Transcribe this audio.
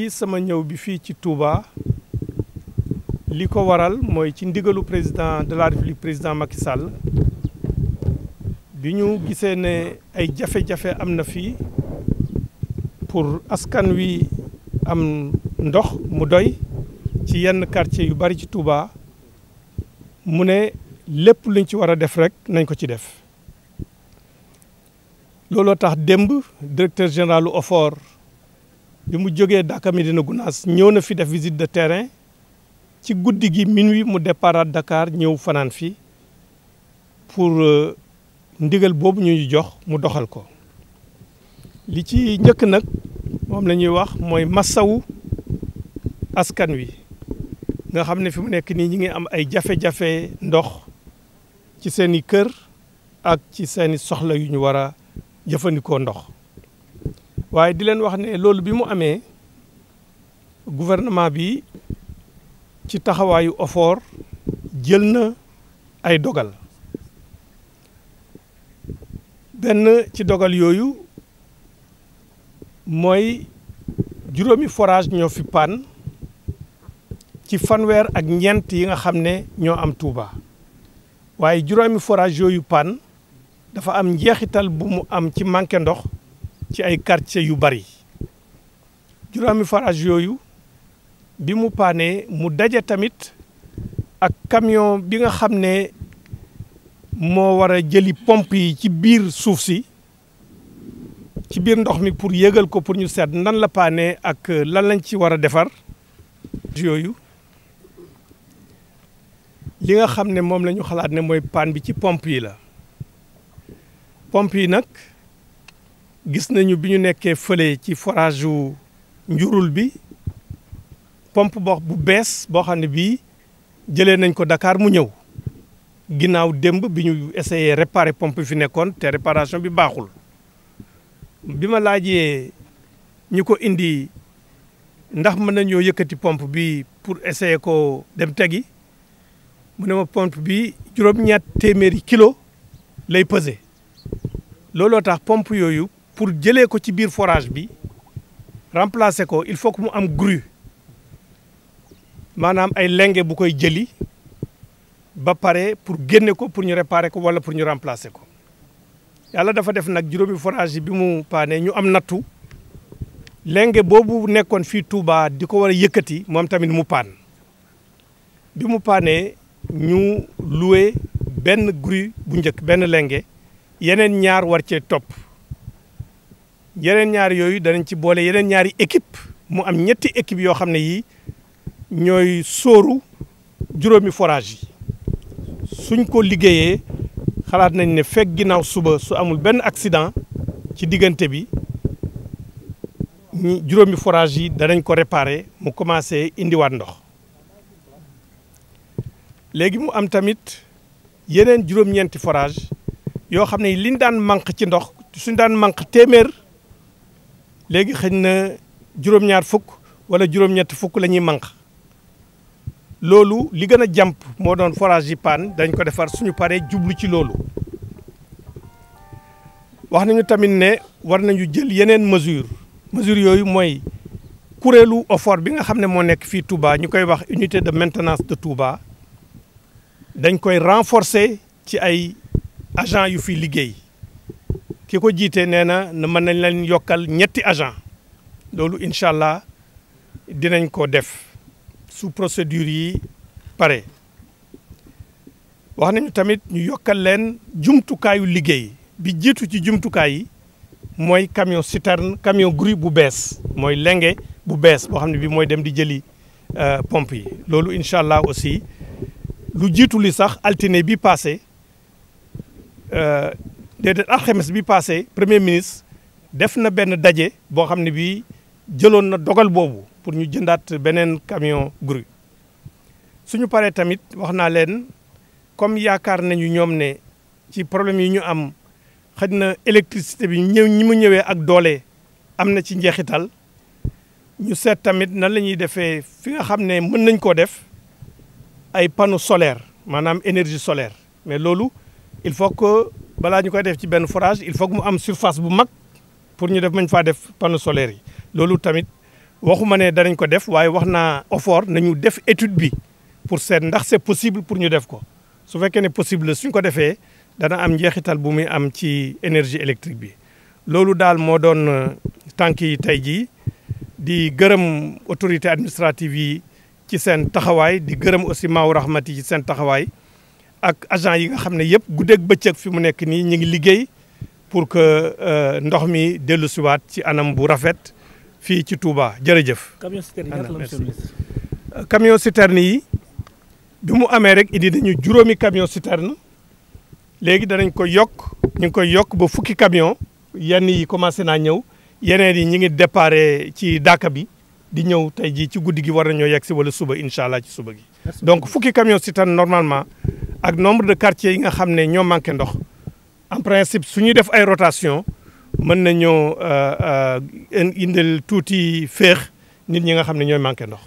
ci sama ñëw bi fii ci Touba li ko waral mooy ci ndigalu président de la république président Macky Sall bi ñu gisee ne ay jafe-jafe am na fii pour askan wi am ndox mu doy ci yenn quartier yu bari ci Touba mu ne lépp luñ ci war a def rekk nañ ko ci def looloo tax démb directeur général OFOR bi mu jógee Dakar Médina Gounass ñëw na fi def visite de terrain ci guddi gi wi mu départ Dakar ñëw fanaan fi pour euh, ndigal boobu ñu jox mu doxal ko li ci njëkk nag moom la ñuy wax mooy massawu askan wi nga xam ne fi mu nekk nii ñi ngi am ay jafe-jafe ndox ci seeni kër ak ci seeni soxla yu ñu war a jëfandikoo ndox waaye di leen wax ne loolu bi mu amee gouvernement bi ci taxawaayu OFOR jël na ay dogal benn ci dogal yooyu mooy juróomi forage ñoo fi paan ci fanweer ak ñeent yi nga xam ne ñoo am Touba waaye juróomi forage yooyu paan dafa am njeexital bu mu am ci manque ndox ci ay quartier yu bari juróomi forage yooyu bi mu paanee mu daje tamit ak camion bi nga xam ne moo war a jëli pomp yi ci biir suuf si ci biir ndox mi pour yëgal ko pour ñu seet nan la paanee ak lan lañ ci war a defar yooyu li nga xam ne moom lañu xalaat ne mooy paan bi ci pompe yi la pomp yi nag gis nañu bi ñu nekkee fële ci forage wu njurul bi pomp boo bu bees boo xam ne bii jëlee nañ ko Dakar mu ñëw ginnaaw démb bi ñu essayé réparer pompe fi nekkoon te réparation bi baaxul bi ma laajee ñi ko indi ndax mën nañoo yëkkati pomp bi pour essayer ko dem tegi mu ne ma pompe bi juróom-ñaat téeméeri kilo lay pesé looloo tax pompe yooyu pour jëlee ko ci biir forage bi remplacer ko il faut mu am grue maanaam ay lenge bu koy jëli ba pare pour génne ko pour ñu réparer ko wala pour ñu remplacer ko yàlla dafa def nag juróomi forage bi mu paane ñu am nattu lenge boobu nekkoon fii Touba di ko war a yëkkati moom tamit mu paan bi mu paanee ñu loué benn grue bu njëkk benn lenge yeneen ñaar war cee topp yeneen ñaari yooyu danañ ci boole yeneen ñaari équipe mu am ñetti équipe yoo xam ne yii ñooy sóoru juróomi forage suñ ko liggéeyee xalaat nañ ne fekk ginnaaw suba su amul benn accident ci diggante bi ñi juróomi forage yi danañ ko réparer mu commencé indiwaat ndox léegi mu am tamit yeneen juróom-ñeenti forage yoo xam ne liñ daan manque ci ndox suñ daan manque téeméer léegi xëñ na juróom-ñaar fukk wala juróom-ñett fukk la ñuy manq loolu li gën a jàmp moo doon forage yi paan dañ ko defar suñu paree jublu ci loolu wax nañu tamit ne war nañu jël yeneen mesure mesure yooyu mooy kuréelu OFOR bi nga xam ne moo nekk fii Touba ñu koy wax unité de maintenance de Touba dañ koy renforcer ci ay agent yu fi liggéey ki ko jiitee nee na mën nañ leen yokkal ñetti agent loolu incha allah dinañ ko def su procédure yi pare wax nañu tamit ñu yokkal leen jumtukaayu liggéey bi jiitu ci jumtukaay yi mooy camion citerne camion grue bu bees mooy lenge bu bees boo xam ne bi mooy dem di jëli euh, pompe yi loolu incha allah aussi lu jiitu li sax altine bi passé euh, déedéet alxames bi passé premier ministre def na benn daje boo xam ne bii jëloon na dogal boobu pour ñu jëndaat beneen camion grue suñu paree tamit wax naa leen comme yaakaar nañu ñoom ne ci problème yi ñu am xëj na électricité bi ñëw ñi mu ñëwee ak doole am na ci njeexital ñu seet tamit nan la ñuy defee fi nga xam ne mën nañ koo def ay panneau solaire maanaam énergie solaire mais loolu il faut que balaa ñu koy def ci benn forage il faut mu am surface bu mag pour ñu def mañ faa def panneaux solaires yi loolu tamit waxuma ne danañ ko def waaye wax naa effort nañu def étude bi pour seet ndax c'est possible pour ñu def ko su fekkee ne possible suñ ko defee dana am njeexital bu muy am ci énergie électrique bi loolu daal moo doon euh, tànk yi tey jii di gërëm autorité administrative yi ci seen taxawaay di gërëm aussi Maaw Rahmati ci seen taxawaay ak agent yi nga xam ne yëpp guddeeg bëccëg fi mu nekk nii ñu ngi liggéey pour que euh, ndox mi dellu siwaat ci anam bu rafet fii ci Touba jërëjëf. camion citerne yi euh, bi mu amee rek indi nañu juróomi camion citerne léegi danañ koy yokk ñu ngi koy yokk ba fukki camion yenn yi commencé naa ñëw yeneen yi ñu ngi déparé ci Daaka bi di ñëw tey jii ci guddi gi war nañoo yegg si wala suba incha allah ci suba gi. donc fukki camion citerne normalement. ak nombre de quartiers yi nga xam ne ñoo manqué ndox en principe su ñuy def ay rotation mën nañoo euh, euh, indil tuuti feex nit ñi nga xam ne ñooy manqué ndox.